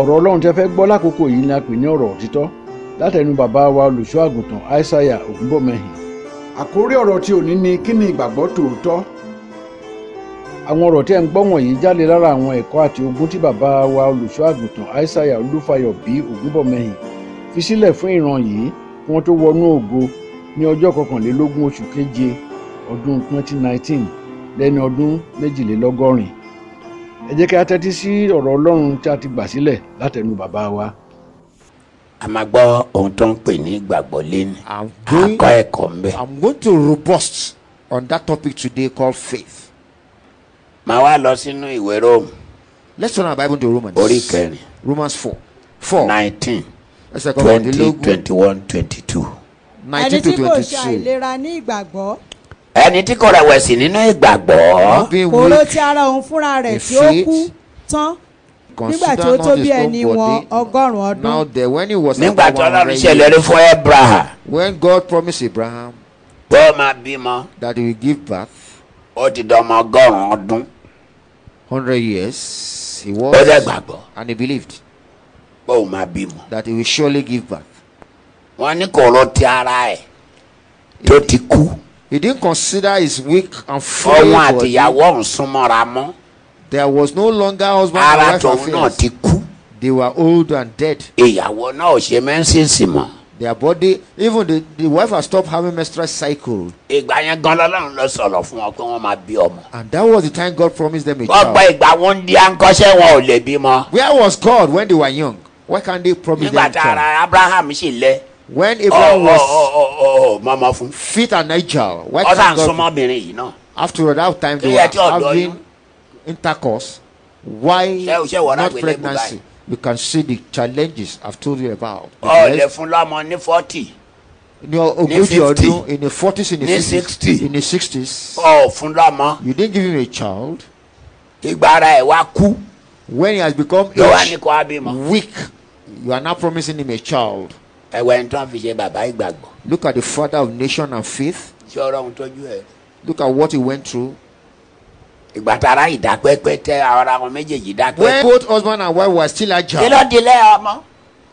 ọ̀rọ̀ ọlọ́run tẹ́ fẹ́ gbọ́ lákòókò yìí ni a pè ní ọ̀rọ̀ òtítọ́ látẹnu bàbá wa olùṣọ́ àgùntàn aishaiya ògúnbọ̀mẹ́hìn. àkórí ọ̀rọ̀ tí òní ni kí ni ìgbàgbọ́ tòótọ́. àwọn ọ̀rọ̀ tẹ́ ń gbọ́ wọ̀nyí jáde lára àwọn ẹ̀kọ́ àti ogun tí bàbá wa olùṣọ́ àgùntàn aishaiya olúfayọ bí ògúnbọ̀mẹ́hìn fi sílẹ̀ fún ìran yìí kí wọ́n tó wọnú ògo ní ọjọ́ kọkànlélógún oṣù keje ọdún 2019 lẹ́ni ọdún méjìlélọ́gọ́rin ẹ jẹ́ kí a tẹ́tí sí ọ̀rọ̀ ọlọ́run tí a ti gbà sílẹ̀ látẹnu bàbá wa. a máa gbọ́ ohun tó ń pè ní ìgbàgbọ́ léni àkọ́ ẹ̀kọ́ ń bẹ. I'm going to robust on that topic today called faith. màá wá lọ sínú ìwé Rome. let's turn our Bible to Romans. orí kẹrin. Romans four four nineteen twenty twenty one twenty two. nineteen to twenty two. ẹni tí kò ṣàìlera ní ìgbàgbọ́ ẹni tí kò rẹ̀wẹ̀sì nínú ìgbàgbọ́. kòró ti ara òun fúnra rẹ̀ tí ó kú tán nígbà tí ó tó ẹni wọn ọgọ́rùn-ún ọdún. nígbà tí ọlọ́run ṣèlérí fún abraham. when God promised abraham. pé ó máa bímọ. that he will give birth. ó ti dọmọ ọgọ́rùn-ún ọdún. hundred years he was. ó dẹ̀ gbàgbọ́. and he believed. pé ó máa bímọ. that he will surely give birth. wọ́n ní kòró ti ara ẹ̀ tó ti kú. He didn't consider his weak and frail body. Òun àtìyàwó ọ̀hún súnmọ́ra mọ́. There was no longer husband and wife affairs. Ara tòun náà ti kú. They were old and dead. Ìyàwó náà ò ṣe mẹ́ńsìnsì mọ́. Their body even the the wife had stopped having menstrual cycle. Ìgbà yẹn gan lọ́lọ́run lọ sọ̀rọ̀ fún wọn pé wọ́n máa bí ọmọ. And that was the time God promised them a child. Ọ̀pọ̀ ìgbà wọn ń di àǹkọ́ṣẹ́ wọn ò lè bímọ. Where was God when they were young? Why can't they promise them a child? Nígbà tára Abraham sì lẹ when Abraham oh, oh, was oh, oh, oh, oh, oh mama fun. fit and agile, where can God be? No. After that time, they were having intercourse. Why not pregnancy? You can see the challenges I've told you about. Oh, they fun lọ́mọ ní forty. ní ogójì ọdún in the forties in the sixties in the sixties. ọ fun lọ́mọ. you didn't give him a child. ìgbà ẹ̀ wá kú. when he has become age weak you are now promising him a child ẹ̀wẹ̀ ń tán fi ṣe bàbá ìgbàgbọ́. look at the father of nation and faith. ṣé ọ̀rọ̀ òun tọ́jú ẹ̀. look at what he went through. ìgbà tara ìdápẹ́pẹ́ tẹ ara wọn méjèèjì dápẹ́. when both husband and wife were still agile. kí ló di ọmọ.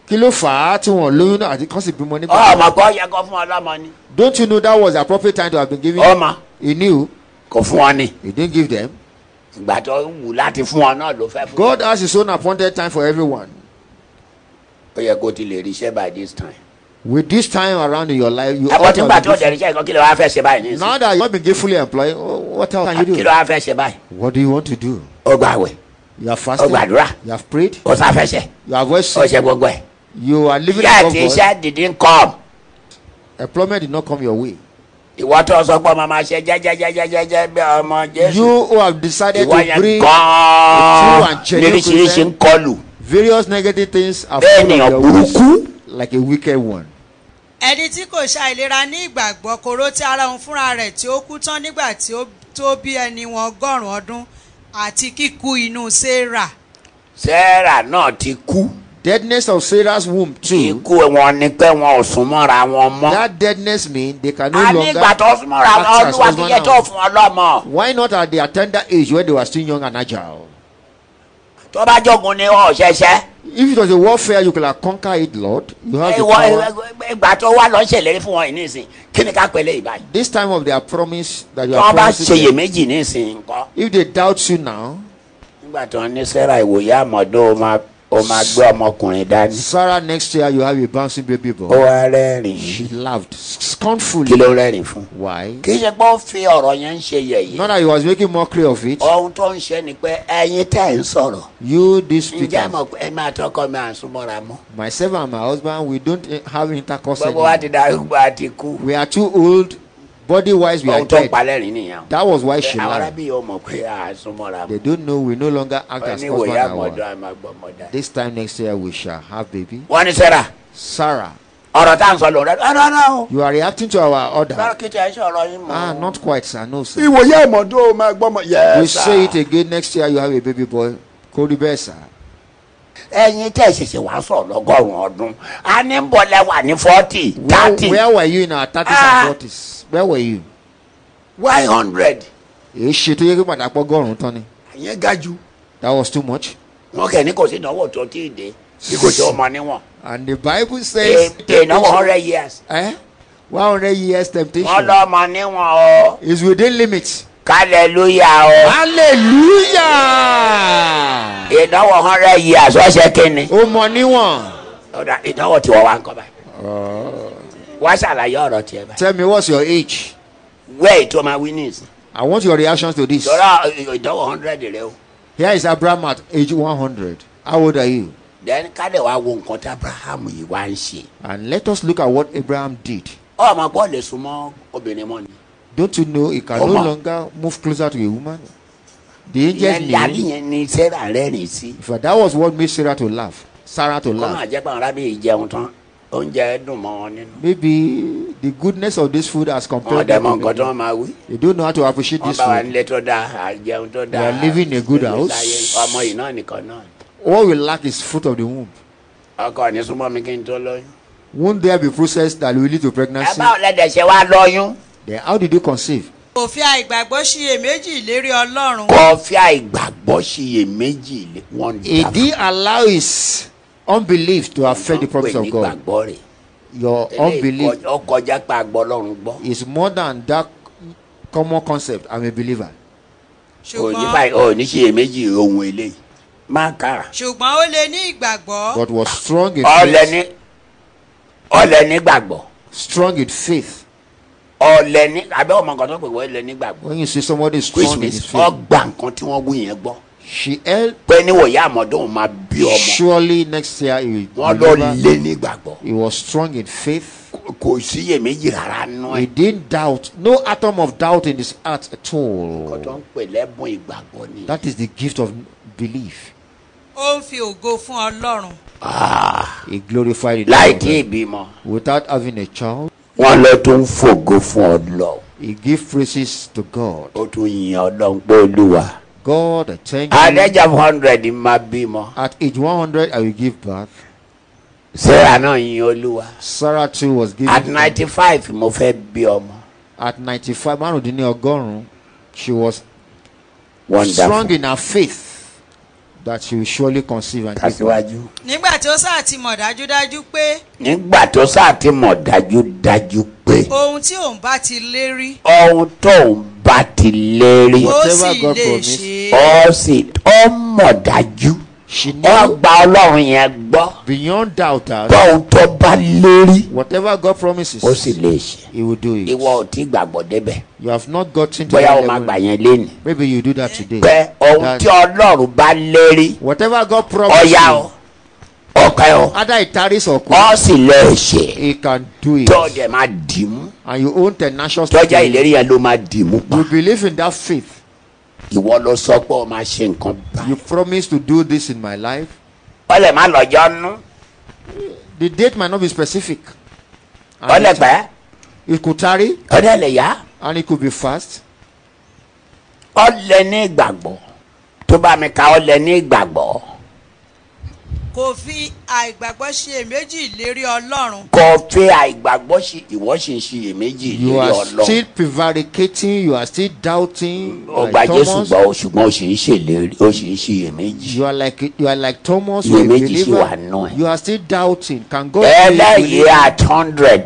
kí ló fà á tí wọ́n lóyún náà àti kán sì bímọ nígbà. ọmọ kọ́ yẹ kó fún ọ lọ́mọ ni. don't you know that was the appropriate time to have been given. ọmọ he knew. kò fún ọ ni. he didn't give them. ìgbà tó wù láti fún ọ náà ló fẹ́ fún God has his own appointed time for everyone ó yẹ kó ti lè ríṣẹ́ by this time. with this time around in your life you ought to be. àbọ̀tí ọ̀dẹ̀ ríṣẹ́ kan kí ló wá fẹ́ ṣe báyìí. now that you have been gainfully employed what else can you do. kí ló wá fẹ́ ṣe báyìí. what do you want to do. ó gba àwẹ̀. you have fasted. ó gbàdúrà. you have prayed. ó sáfẹ́sẹ̀. you have wẹ̀sẹ̀. ó ṣe gbogbo ẹ̀. you are living yeah, above God. iṣẹ́ didn't come. employment did not come your way. ìwọ tó sọ pé ọmọ máa ṣe jẹjẹjẹjẹjẹ bí ọmọ jésù. you who have decided to bring God. and genuine present. ìwọ yẹn kọ́ various negative things are found on your waist like a wicked one. ẹni tí kò ṣàìlera ní ìgbàgbọ́ kòró tí ara òun fúnra rẹ̀ tí ó kú tán nígbà tí ó tó bí ẹni wọn ọgọ́rùn-ún ọdún àti kíkú inú sarah. sarah náà ti kú. deadness of sarah's womb too. ikú wọn ni pé wọn ò sún mọ́ra wọn mọ́. that deadness mean they can no longer. a ní ìgbà tó sún mọ́ra wọn olúwa fi yẹ tó fún ọ lọ́mọ. why not at the tender age when they were still young and agile tó bá jogun ni ọ̀ ṣẹ̀ṣẹ̀. if it was a warfare you could have conquered it lord. you have the power. ìgbà tó wà lọ ṣèlérí fún wọn ní kí ni ká pẹ̀lẹ́ ìbáyìí. this time of their promise that you are promising them. tó bá ṣe iyèméjì ní nǹkan. if they doubt you now. nígbà tó ń ní sarah ìwòye àmọ́dó máa o máa gbé ọmọkùnrin dání. Sarah next year you have a bouncing baby boy. ó wá rẹ́rìn. she laughed scornfully. kí ló rẹ́rìn fún. why. kì í ṣe pé ó fi ọ̀rọ̀ yẹn ń ṣe yẹ̀yẹ́. not that he was making mockery of it. ohun tó ń ṣe ni pé ẹ̀yin tẹ̀ ń sọ̀rọ̀. you this speaker. ǹjẹ́ mo ẹ máa tọkọ mi à mọ́. myself and my husband we don't have intercourse anymore. gbogbo wa ti darúgbó àti kú. we are too old body wise we are dead that was why she married they don't know we no longer act as husband and wife this time next year we shall have baby wọ́n ní sarah sarah ọ̀rọ̀ tá à ń sọ lòun rẹ̀ rárá o. you are reacting to our order. báwo kìí ṣe ọ̀rọ̀ yín mọ́. ah not quite sir no sir. ìwòye ìmọ̀dó máa gbọ́mọ. yes sir. we say it again next year you have a baby boy kórìí bẹ́ẹ̀ sir. ẹ̀yin tẹ ṣẹ̀ṣẹ̀ wá sọ lọ́gọ́rùn ọdún a ní bọlẹ wà ní forty thirty. where were you in our thirties and ah. forties where were you. why hundred. èyí ṣe tó yẹ kí padà pọ̀ gọ́rùn tán ni. àyẹn ga jù. that was too much. wọn kẹ ní kò sí ìdánwò tó tí dé bí kò sí ọmọ níwọ̀n. and the bible says. ètè ìnáwó hundred years. Eh? one hundred years temptation. ọmọ níwọ̀n o. is within limits. hallelujah o. hallelujah. ìdánwò hundred years ọ̀sẹ̀ kínní. ó mọ níwọ̀n. ọ̀dà ìdánwò tí wọ́n wá ń kọ́ báyìí. Oh. wá ṣàlàyé ọ̀rọ̀ tiẹ̀ báyìí. tell me what's your age. where it my winnings. I want your reactions to this. Dora ìdánwò hundred rẹ o. Here is Abraham at age one hundred. How old are you? Then ká dẹ̀ wá wo nǹkan tí Abraham yìí wá ń ṣe. And let us look at what Abraham did. Ọmọ gbọ́dọ̀ lè sún mọ́ obìnrin mọ́ ni. Don't you know he can no longer move closer to a woman? The angels knew. Dàbí yẹn ni Sarah rẹ́rìn sí. For that was what made Sarah to laugh. Sarah to laugh. Kọ́nà àjẹpọ̀ arábìnrin jẹun tán. Oúnjẹ dùn mọ́ wọn nínú. Maybe the goodness of this food has compared. Wọ́n dẹ̀ nǹkan tí wọ́n máa wí. They don't know how to appreciate this food. Wọ́n bá wa nílé tó dáa, àjẹun tó dáa. They are living in a good house. Ọmọ yìí náà nìkan náà. All we lack is fruit of the womb. Ọkọ ní súnmọ́ mi kí n tó lóyún. Won't there be process that will lead to pregnancy? Ẹ báwo lẹ́dẹ̀ ṣe wá lóyún? Then how did you conceive? kò fi àìgbàgbọ́ ṣiyèméjì lérí ọlọ́run. kò fi àìgbàgbọ́ ṣiyèméjì lé wọn. ìdí allow his unbelief to affect the promise of God. your unbelief. ọkọjá pa àgbọ̀ ọlọ́run gbọ́. is more than that common concept i'm a believer. ṣùgbọ́n òní báyìí òní ṣiyèméjì ohun eléyìí máa kà. ṣùgbọ́n ó lè ní ìgbàgbọ́. but was strong in faith. ọlẹ ní ọlẹ ní gbàgbọ́. strong in faith. ọ̀lẹ abẹ́ ọmọ nǹkan tó pè wọ́n lẹ nígbàgbọ́. when you see somebody strong in his faith. ọgbà nǹkan tí wọ́n wú yẹn gbọ́. she held. pé ní wòye àmọ́dún máa bí ọmọ. surely next year he will. wọ́n lọ lé he was strong in faith. kò sí rárá nù he didn't doubt no atom of doubt in his heart at all. tó ń pè lẹ́bùn ìgbàgbọ́ ni. that is the gift of belief. ó ń fi ògo fún Ọlọ́run. ah he glorified it. láì tí ì bímọ. without having a child. wọ́n lọ tún fògo fún ọlọ. he give praises to God. ó tún yin ọlọ́run pé olúwa. God I thank you. at age of hundred ma bímọ. at age one hundred I will give birth. Sarah náà yin olúwa. Sarah too was given. at ninety-five mo fẹ́ bí ọmọ. at ninety-five márùndínlọ́gọ́rùn-ún she was Wonderful. strong in her faith that you surely conceive and give birth. nígbà tó sáà ti mọ̀ dájúdájú pé. nígbà tó sáà ti mọ̀ dájúdájú pé. ohun tí òun bá ti lérí. ohun tó òun bá ti lérí. ó sì lè ṣe é. ó sì ó mọ̀ dájú ẹ gba ọlọ́run yẹn gbọ́. beyond doubters. bọ́ọ̀ tó bá lérí. whatever God promises. ó sì lè ṣe. he will do it. ìwọ ò tí gbàgbọ́ débẹ̀. you have not gotten to that level. bóyá o máa gbà yẹn léni. maybe you do that today. pé ohun tí ọlọ́run bá lérí. whatever God promises. ọ̀ya o ọ̀pẹ o. ada ìtaris ọkọ. ó sì lè ṣe. he can do it. tọ́jà máa dì mú. and you own tenacious. tọ́jà ìlérí yẹn ló máa dì mú pa. you believe in that faith ìwọ ló sọ pé o máa ṣe nǹkan báyìí. you promise to do this in my life. ó lè má lọ́jọ́ nú. the date might not be specific. ó lè it could tarry. ó lè yá. and it could be fast. ó ní ìgbàgbọ́ tó bá mi ka ó ní ìgbàgbọ́ kò fi àìgbàgbọ́ ṣe èméjì ìlérí ọlọ́run. kò fi àìgbàgbọ́ ṣe ìwọ ṣe ṣiyèméjì ìlérí ọlọ́run. you are still prevaricating you are still doubting. ọgbà jésù gbà ó ṣùgbọ́n ó ṣe ń ṣèlérí ó ṣe ń you are like you are like thomas wey believer ṣì wà nù you are still doubting can God really believe. ẹlẹ́yìí at hundred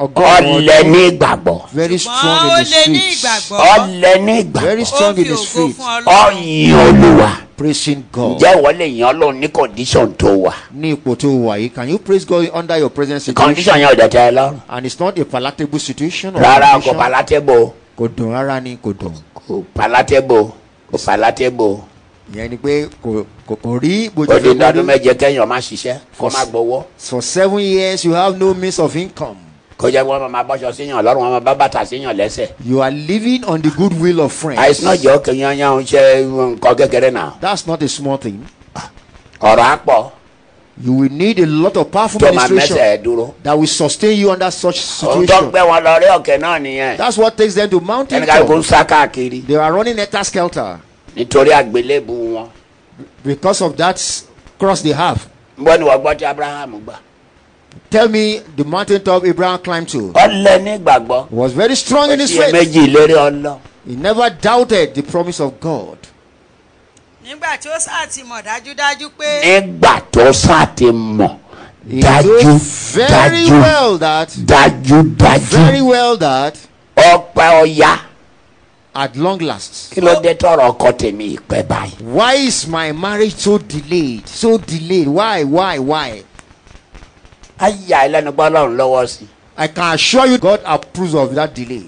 ọlẹ ní ìgbàgbọ́ Very strong in ní ìgbàgbọ́ ọlẹ ní ìgbàgbọ́ Very strong in fún ọlọ́run ọyìn olúwa praising God. ǹjẹ́ ìwọ lè yan Ọlọ́run ní condition tó wà. ní ipò tó wà yìí can you praise God under your present situation. condition yẹn ò dẹ̀ tẹ́ ẹ lọ. and it's not a palatable situation. rárá kò palatable. kò dùn rárá ni kò dùn. kò palatable kò palatable. ìyẹn ni pé kò kò kò rí bójú. òde dọdún mẹ́jẹ kẹ́yìn ọ ṣiṣẹ́ kó má gbowó. for seven years you have no means of income kó wọn máa bọ́ṣọ síyàn lọ́rùn wọn máa bá bàtà síyàn lẹ́sẹ̀. you are living on the goodwill of friends. àìsàn jọ kìnyàn yàn ń ṣe nǹkan kékeré náà. that's not a small thing. ọ̀rọ̀ á pọ̀. you will need a lot of powerful administration that will sustain you under such situation. That's what takes them to mount it. They are running a skelter. Because of that cross they have. When tell me the mountain top abraham climbed to. ọlẹ ní gbàgbọ́. was very strong in his faith. iyèméjì ìlérí ọlọ. he never doubted the promise of God. nígbà tí ó sáà ti mọ̀ dájúdájú pé. nígbà tó sáà ti mọ̀ dájú dájú dájú dájú very well that. ọpẹ́ ọya. at long last. kí ló dé tọrọ ọkọ tèmi ìpẹ́ báyìí. why is my marriage so delayed so delayed why why why ayé àìlẹ́nu gbọ́ lọ́run lọ́wọ́ sí. I can assure you God approves of that delay.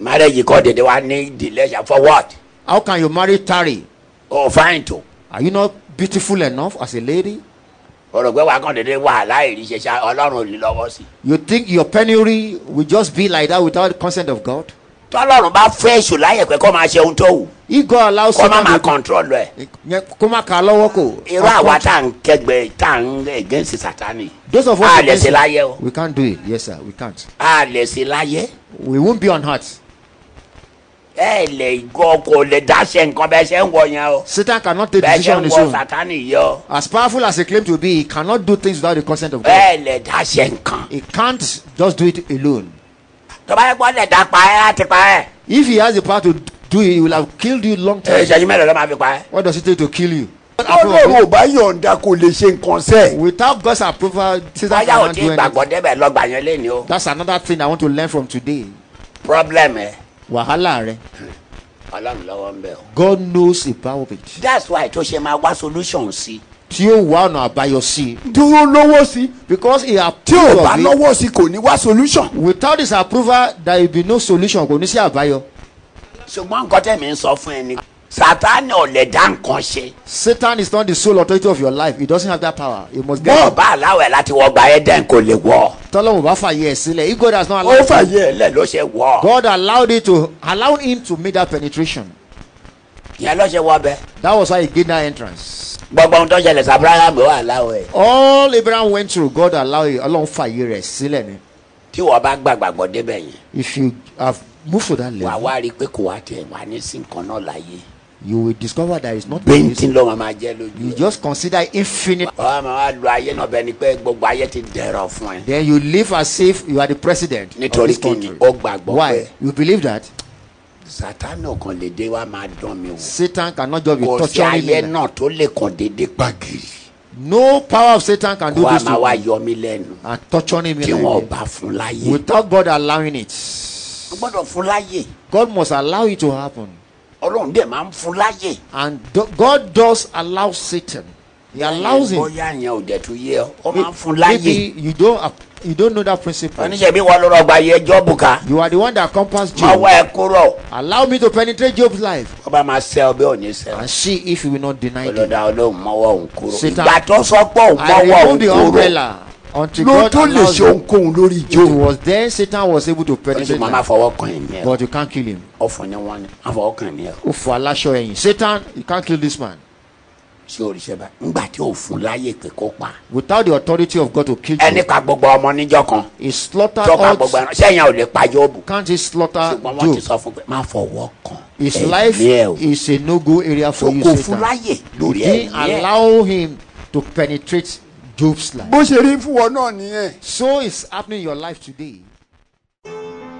Marriage kọ́ dédé wa ní delay for what? How can you marry tarry? Oh fine too. Are you not beautiful enough as a lady? Òrògbé wa kàn dédé wà láìrí ṣe ṣá Ọlọ́run ò lè lọ́wọ́ sí. You think your penury will just be like that without the consent of God? tọ́lọ́run bá fẹ́ èṣù láyè pé kó máa ṣe ohun tó wù. igor allow somebody kó má máa control ẹ. kó má kà á lọ́wọ́ kò. irú àwa tá à ń kẹgbẹ́ tá à ń against Sátánì. those of us ah, against him we can't do it yes sir we can't. a lè ṣe láyé. we won't be on heart. ẹ lè gbọ́ kò lè dáṣẹ nǹkan bẹ́ẹ̀ ṣe ń wọ yẹn o. Satan cannot take decision on his own. bẹ́ẹ̀ ṣe ń wọ Sátánì yẹ as powerful as he claim to be he cannot do things without the consent of God. ẹ lè dáṣẹ nǹkan. he can't just do it alone tó yẹ kó lè pa ẹ́ á pa ẹ́. if he has the power to do it he will have killed you long time. ìṣẹ́jú mẹ́rin ló máa fi pa ẹ́. what does it take to kill you. ọlọ́run ò bá yọ̀ǹda kò lè ṣe nǹkan sẹ́. without God's approval Caesar cannot do anything. báyà ò tí gbàgbọ́ débẹ̀ lọ́gbà yẹn lẹ́ni o. that's another thing I want to learn from today. problem ẹ. wàhálà rẹ. ọlọ́run lọ́wọ́ ń bẹ̀ o. God knows the power of it. that's why tó ṣe máa wá solution sí. Si tí ó wá ọ̀nà àbáyọ sí. dúró lọ́wọ́ sí. because he approve of it. tí ò bá lọ́wọ́ sí kò ní wá solution. without his approval there will be no solution kò ní sí àbáyọ. ṣùgbọ́n nǹkan tẹ̀mí ń sọ fún ẹ ni sátánì ò lè dá nǹkan ṣe. satan is not the sole authority of your life he doesn't have that power he must get. bọ́ọ̀ bá aláwẹ̀ láti wọ gba Eden, kò lè wọ. tọ́lọ́mù bá fàyè ẹ̀ sílẹ̀ if God has not allowed. ó fàyè ẹ̀ lẹ̀ ló ṣe wọ. God allowed him to allow him to make that penetration yẹn lọ́sẹ̀ wọ bẹ. that was how he gained that entrance. gbogbo tó ṣẹlẹ̀ sí wà láwọ̀ ẹ̀. all abraham went through God allow you ọlọ́run fàyè rẹ̀ sílẹ̀ ni. tí wọ́n bá gbàgbàgbọ́ débẹ̀ yẹn. if you have move for that level. wà wá rí i pé kò wá tẹ̀ wá ní sí nǹkan náà láyé. you will discover that it's not. bẹ́ntì ló máa jẹ́ lójú. you just consider infinite. ọ̀hún máa lo ayé náà bẹ́ẹ̀ ni pé gbogbo ayé ti dẹ̀rọ̀ fún ẹ. then you live as if you are the president. nítorí kí ni ó gbàgbọ́ pé. why you believe that satan ọkàn lè dé wa máa dán mi wò. satan cannot just be torturing me. kò sí ayé náà tó lè kàn déédé gbàgìrì. no power of satan can do this to me. kó a máa wá yọ mi lẹ́nu. and torturing me like this. tí wọn bá fún láyè. without God allowing it. o gbọ́dọ̀ fún láyè. God must allow it to happen. ọlọ́run dẹ̀ máa ń fún láyè. and God does allow satan. he allows him. bóyá yẹn ò dẹ̀ tún yẹ ọ máa ń fún láyè. maybe you don't you don't know that principle. oníṣẹ́ bí wọ́n gba iye jọ́ọ̀bù ká. you are the one that compass Job. máa wá ẹ kúrò. allow me to penetrate Job's life. wọ́n máa sẹ́ ọ òní sẹ́. and see if you will not deny him. olùdá olóhùn mọ́wọ́ òun kúrò. satan ìgbà tó sọ pé òun mọ́wọ́ òun kúrò. until God allows him. ló tó lè ṣe ohunkóhun lórí Job. it was then Satan was able to penetrate him. oṣù mama fọwọ́ kan ẹ̀mí ẹ̀. but you can't kill him. ọ̀fọ̀ ni wọ́n ní. afọwọ́ kan ẹ̀mí ẹ̀. ó fọ aláṣọ ẹ̀yìn Satan you can't kill this man ṣé o rí ńgbà tí o fún láyè pé kó pa. without the authority of God to kill you. ẹni pa gbogbo ọmọ níjọ kan. he slaughtered all tọ́ka gbogbo ẹran sẹ́yìn ò lè pa Jóòbù. can't he slaughter Job ṣùgbọ́n wọ́n ti sọ fún pé má fọwọ́ kan. his life is a no-go area for you Satan. o kò fún láyè lórí ẹ̀ yẹn. he allow him to penetrate Job's life. bó ṣe rí fún wọn náà nìyẹn. so it's happening in your life today.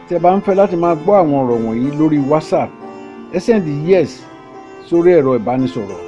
tí ẹ bá ń fẹ́ láti máa gbọ́ àwọn ọ̀rọ̀ wọ̀nyí lórí WhatsApp ẹ send yes sórí ẹ̀rọ ìbánisọ̀rọ̀